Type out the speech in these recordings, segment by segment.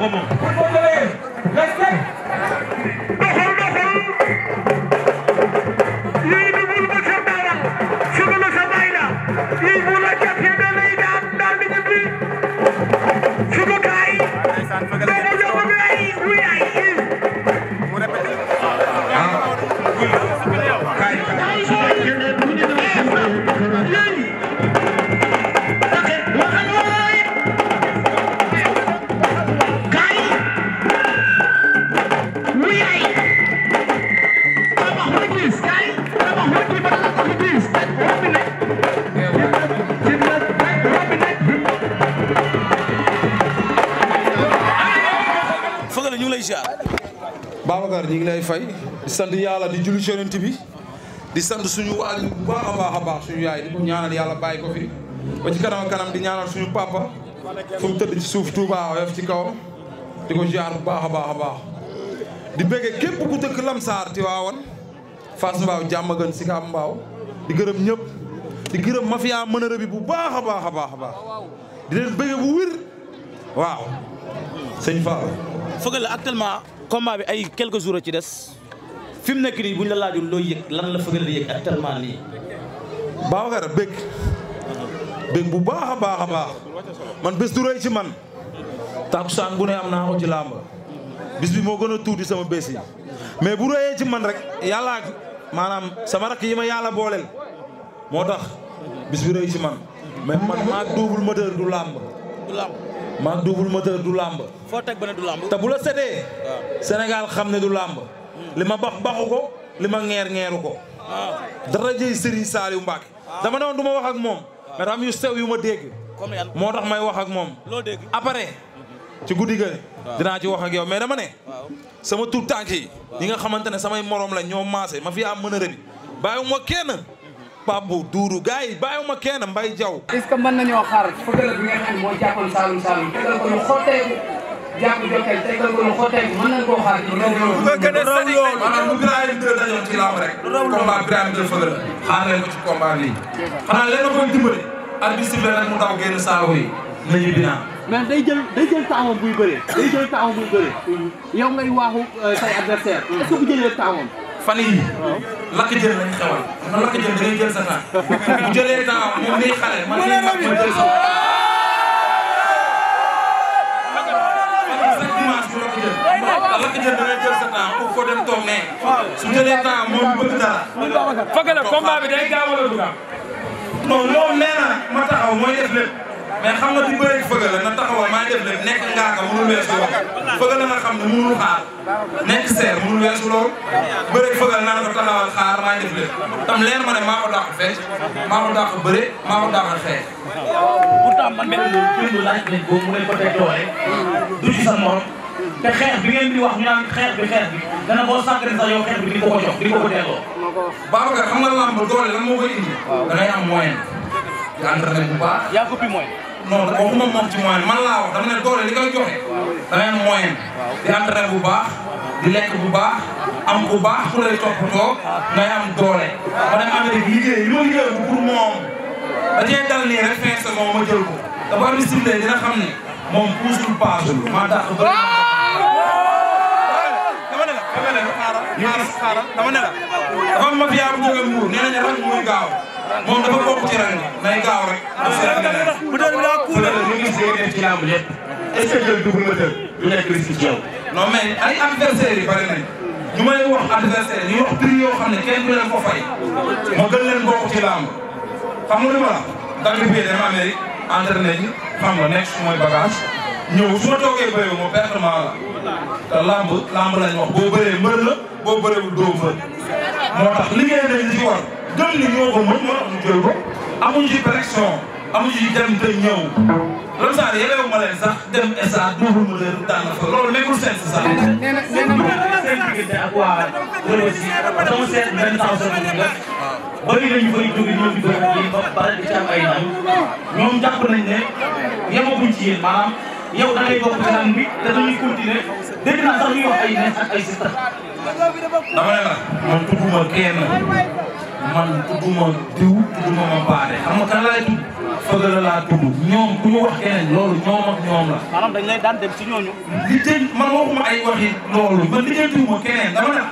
moo ko moom. Thank you. Babacar ñu ngi lay fay di sant yàlla di julli Yonent bi di sant suñu waajur bu baax a baax a baax suñu yaay di ñaanal yàlla bàyyi ko fi ba ci kanam kanam di ñaanal suñu papa fu mu tëdd ci suuf Touba oyof ci kaw di ko ziar bu baax a baax a baax di bëggee képp ku dëkk Lamsaar Tiwaawan Fass Mbaaw Diamaguène Sicap mbaaw di gërëm ñëpp di gërëm ma mënërë bi bu baax a baax a baax a baax di leen bëggee bu wér waaw sëñ Fall fëgg la actuellement combat bi ay quelques jours ci des fi mu nekk nii bu ñu la laajul looy yëg lan la fëgal di yëg actuellement nii. Babacar bëgg bëgg bu baax a baax a baax man bés du rëy ci man takusaan bu ne am naa ko ci làmb bis bi moo gën a tuuti sama bés yi mais bu rëyee ci man rek yàlla maanaam sama rakk yi ma yàlla booleel moo tax bis bi rëy ci man mais man maa double moteur du làmb maa double moteur du làmb. foo teg ba ne du làmb. te bu la setee. Sénégal xam ne du làmb. Hmm. li ma bax baxu ko li ma ngeer ngeeru ko. Ah. dara jëy Serigne Saliou Mbacke. Ah. dama ne woon du ma wax ak moom. Ah. yu sew yu ma dégg. moo tax may wax ak moom. loo dégg après. Mhm. ci guddi ga dinaa ci wax ak yow mais dama ne. sama tuut tànk yi. ñi nga xamante ne samay morom la ñoo maase ma fi am mën a rëbi. bàyyiwuma kenn. Pambu Duuru gars yi bàyyiwuma kenn Mbaye Diaw. est-ce que mën nañoo xaar fëgala bi nga xam ne moo jàppoon Saalum Saalum tegal ko lu xotteeku jàpp jokkeel tegal ko lu xotteeku mën nañu koo xaar. bu fekkee ne sëñ bi maanaam bu Birame Diop dañoo ci laaw rek. combat Birame Diop fëgala xaar leen ko ci combat bi. xanaa leen a koy dimbali. arbitre sifflé nag mu daw génn saako yi nañu dinaa. mais day jël day jël taawam buy bëree. day jël taawam buy bëree. yow ngay waaxu euh, say adversaire est-ce que bu jëlee taawam fan yii lakk jël lañ xewal lakk jël da jël sa temps bu jëlee temps moom xale ma jël sa jël sa temps pour ko dem toog ne su jëlee temps moom bëgg dara. foog nga combat bi day gaaw wala du na ma taxaw mooy def mais xam nga di bëri fëgala na taxawa maa def lépp nekk ngaaka mënul weesu lool fëgala nga xam ne mënul xaar nekk seer mënul weesu lool bëri fëgal naa ko taxawal xaar maa def lépp tam leer ma ne maa ko dàq fecc maa ko bëre maa ko dàqal xeex pourtant man mel dundu laaj ko mu ngeen ko du ci sa morom te xeex bi ngeen di wax ñu naan xeex bi xeex bi dana boo sànqee sax yow xeex bi di ko ko jox di ko ko delloo xam nga di entraîné bu baax yaa ko pi moyen non waxuma moom ci moyen man laa wax ne doole li joxe da ngay am moyen di entraîner bu baax di lekk bu baax am bu baax ku lay toppatoo ngay am doole. ma dem Amérique liggéey li ma liggéeyal pour moom da cee dal nii rek fin ma jël ko te bu amee simlee dina xam ne moom puusul paasul maa dàq ba. dama ne la dama ne la. xaaral xaaral dama ne la. dafa gaaw. moom dafa bokk ci rang nay gaaw rek. bu doon daa kuule ñu ngi see def ci làmb lépp est ce que jël double moteur du nekk ci yow. non mais ay adversaires yi bari nañ ñu may wax adversaire ñu wax prix yoo xam ne kenn du leen ko fay ma gën leen bokk ci làmb xam nga li ma la dagg bi dem Amérique entraîné ñi xam nga nekk su mooy bagage toogee béyu ma perte ma la te làmb làmb lañ wax boo bëree la boo bëreewul doo moo tax liggéey war gëm ni ñoo ko mën moo tax ñu jël ko amuñu ci pression amuñu ci dem te ñëw. loolu sax yelewu ma leen sax dem SA double moteur daan na fa loolu nekkul seen si sax. nee na nee na seen diggante ak waa Rebeuss yi sama seet benn taw sa dugub la bëri nañu fay jóge ñoom di bëri di ba pare di ci am ay ndam ñoom jàpp nañ ne yemaguñ ci yéen maanaam yow da ngay bokk ci lan bi te dañuy continuer dégg naa sax ñuy wax ay nees ay sista. dama ne la man tudduma man tudduma diw tudduma ma baare xam nga kan laay tudd fëgg la laa tudd ñoom bu ñu wax keneen loolu ñoom ak ñoom la. maanaam dañ lay daan dem ci ñooñu. lijjanti man waxuma ay waxi loolu man lijjantiwuma keneen dama ne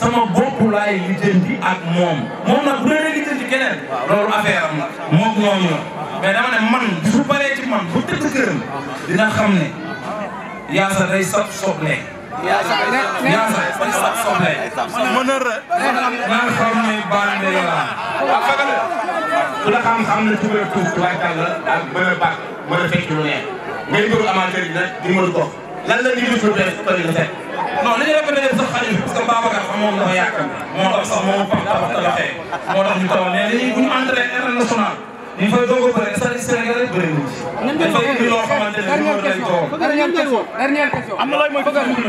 sama bopp laay lijjanti ak moom moom nag bu dee lijjanti keneen. loolu affaire la moom ñooñu la. mais dama ne man su paree ci man bu tëdd këram dina xam ne yaasa day sab soble. ku la xam-xam ne tugal tuuf waaye kàll ak mën a bàq mën a fekk lu ne ngay bëgg amateur yi nag di mën ko lan la ñuy def lu bees bëri nga fekk non li ñu répété sax xale bi parce que Babacar xam moom dafa yàkkam moo tax sax moom pam tabax tabaxee moo tax ñu taw mais dañuy bu ñu entraîné international ñu fay doog a bëri stade Sénégal bëri nañ ci. dafa indi loo xamante ne bii moom lañ toog. dernière question dernière question. am na looy moytu ci moom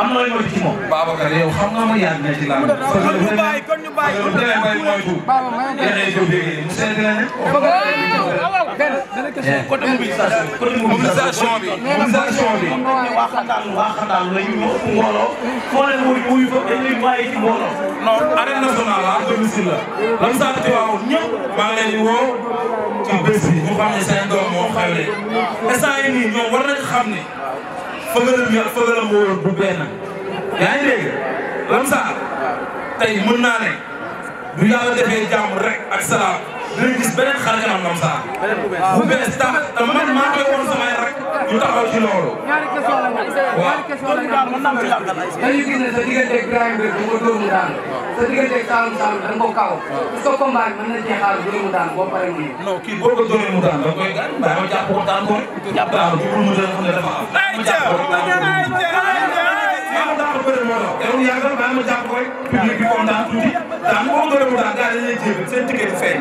am na looy moytu ci moom. Babacar yow xam nga ma yàgg na ci làmb. kon ñu bàyyi kon ñu bàyyi. kon ñu bàyyi moytu. Baba maa ngi lay déglu yéen a côté mobilisation bi. mobilisation bi mobilisation bi. waaxataan waaxataan la ñu ëpp mbooloo. foo leen wuyu wuyu fa dañuy bàyyi ci mbooloo. non arène nationale la. domicile la. lam saa ci waaw ñëpp maa ngi leen di woo ci bés yi ñu xam ne seen doom moo xewle instant yii nii ñoom war nañ xam ne fëgëram ya fëgëram wóor bu benn yaa ngi dégg tey mën naa ne bu yàlla defee rek ak salaam dinañ gis beneen xar kanam bu bees tax te man maa koy woon samay rek ñu taxaw ci loolu waaw loolu daal mën naa ci laal dara. dañuy gis ne sa digganteeg Birahim Mbégue bu ko dóomu daan sa digganteeg Saalum Saalum da nga ko kaw. est-ce que combat bi mën na cee xaar dóomu daan boo paree mu ne. non kii boo ko dóoree mu daan da koy gaañ mbaa ma jàpp ko daan ko rek. jàpp naa ko bu mu daan xam ne dafa am. ma jàpp ko ma jàpp ko rek moo tax. yow yaa ngi doon bàyyi ma jàpp ko rek. public bi kontaan tuuti daan boo ko dóoree mu daan gars yi dañuy jéem seen ticket du feeñ.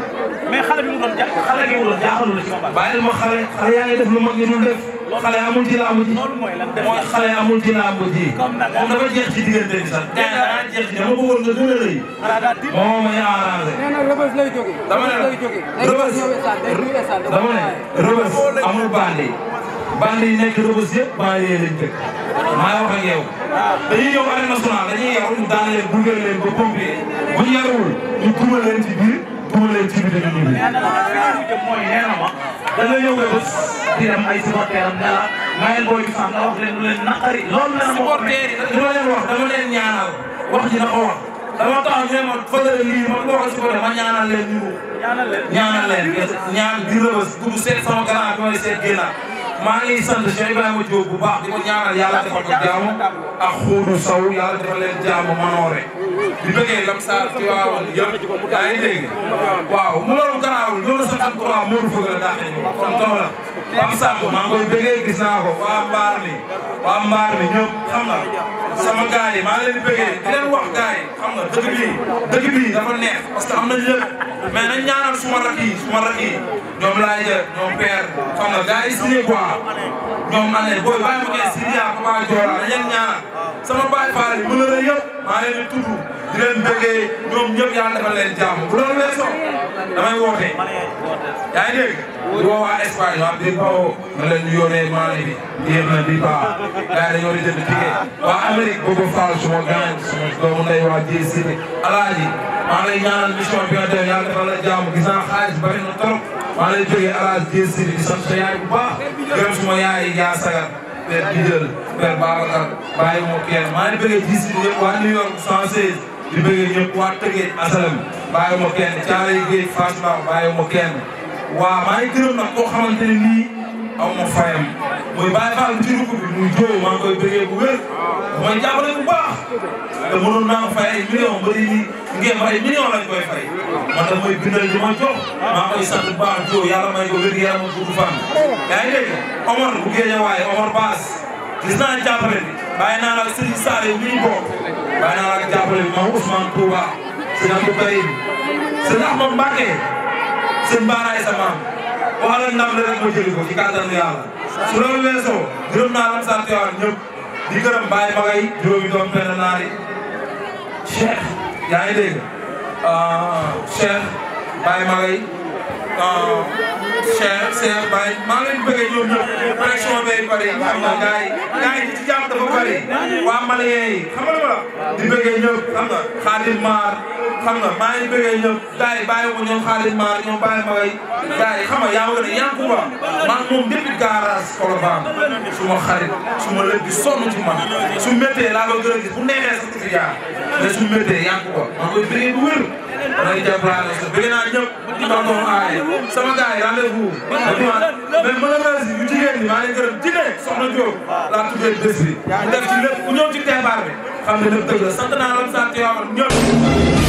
mais xale bi mu doon jàpp xale bi mu doon jaaxalul la ci combat. bàyyi ma xale xale yaa ngi def lu mag ñu dul def xale amul ci làmb ji. loolu mooy lan mooy xale amul ci làmb ji. comme nag moom dafa jeex ci diggante bi sax. tey daa jeex a dama bëggoon nga a rëy. moo may arrangé. nee na rëbës lay jógee. dama a rëbës a ne rëbës amul bandi. bandi nekk rëbës yëpp bandi yi lañ maa wax ak yow. Ah. dañuy ñëw arène nationale dañuy yarul daanaka gunge leen ba pompier bu ñu yarul ñu kumal leen ci duma leen ji bi dina ñibbi. nee na ma nag mooy na ma da nga ñëw bés di dem ay supporter am dara mayel booy bi sax nga wax leen lu leen naqari. loolu la moo ko nekk li ma leen wax leen ñaanal wax ñaanal leen ñaanal leen ñaanal leen maa ngi sant Cheikh Ibrahima Diop bu baax di ko ñaanal yàlla defal ko jaamu ak xóodu saw yàlla defal leen jaamu manoore di bëggee lam saar ci waawoon yëpp daa ngi dégg waaw mu loolu garaawul loolu sa am trois moo fëgg la daaxee kon kaw la Pape Samb maa ngi koy waa mbaar mi waa mbaar mi ñëpp xam nga sama gars yi maa ngi leen di bëggee di leen wax gars yi xam nga dëkk bii dëkk bii dafa neex parce que am nañ lépp mais nañ ñaanal suma rakk yi suma rakk yi ñoom laay jël ñoom père xam nga gars yi signé quoi ñoom man ne booy bàyyi ma koy Syria ak waa Jola dañ leen ñaanal sama baay faal yi mën a rëy yëpp maa leen di tudd di leen bëggee ñoom ñëpp yàlla defal leen jàmm bu loolu weesoo damay woote. yaa ngi dégg woo waa Espagne waa Bilbao ma leen ñu yónnee maane bi yéex na Bilbao gars yi dañoo di jënd ticket waa Amérique boobu Fall suma gaañ suma doomu ndey waa Dieng Cité alaaji maa ngi lay bi nga def yàlla defal la jàmm gis naa xaalis bari na maa ngi lay jógee à la DSTV yaay bu baax suma yaay yaa sagar père Bidel père maa ngi bëggee gis ñëpp waa New York 116 di bëggee ñëpp waa Tëgee asalam bàyyi wu ma kenn Thialé Guèye Fatima bàyyi wu maa ngi gërëm nag koo xamante nii aw ma mooy bàyyi faal bi ci dugub maa koy bëggee bu mooy jàppale bu te mënoon naa fay ay millions ba léegi ngeen ay millions lañ koy fay. man nag mooy bindal li ma jox. maa koy sant bu baax Dio yàlla may ko wér yaramam gudd fan. yaa ngi dégg Omar bu géej waaye Omar Baas gis naa jàppale bi bàyyi naa la Serigne Sall yi ñu bokk bàyyi naa la jàppale bi maam Ousmane Touba sëñ Abdou Karim sëñ Ahmad Mbacke sëñ Baaraay sa maam waxal ndam la rek ma jëli ko ci kàttanu yàlla su loolu weesoo gërëm naa lam sant yàlla ñëpp di gërëm Baye Bagay juróomi doom fenn naa ni Cheikh yaa ngi dégg ah, Cheikh Baye Bagay ah, Cheikh Cheikh Baye maa ngi leen di bëggee ñoom ñëpp pression bee bëri xam nga gars yi gars yi ci jàmm dafa bëri waa Malien yi xam nga di bëggee ñëpp xam nga Khadim Mar xam nga maa ngi bëggee ñoom gars yi bàyyi ko ñoom maa ñoom bàyyi ma kay gars yi xam nga yaa ma gën a Yankuba maa moom depuis garage Colobane su ma xarit su ma lëb di sonn ci man su méttee laa ko gën a gis bu neexee sax ci jaar mais su méttee Yankuba maa koy bëggee du wér damay jàppale sa bëgg naa ñëpp di tonton aaye sama gars yi rendez-vous mais malheureuse yu jigéen ñi maa ngi gërëm jigéen soxna Diop laa tuddee bés bi def ci la sant naa la sant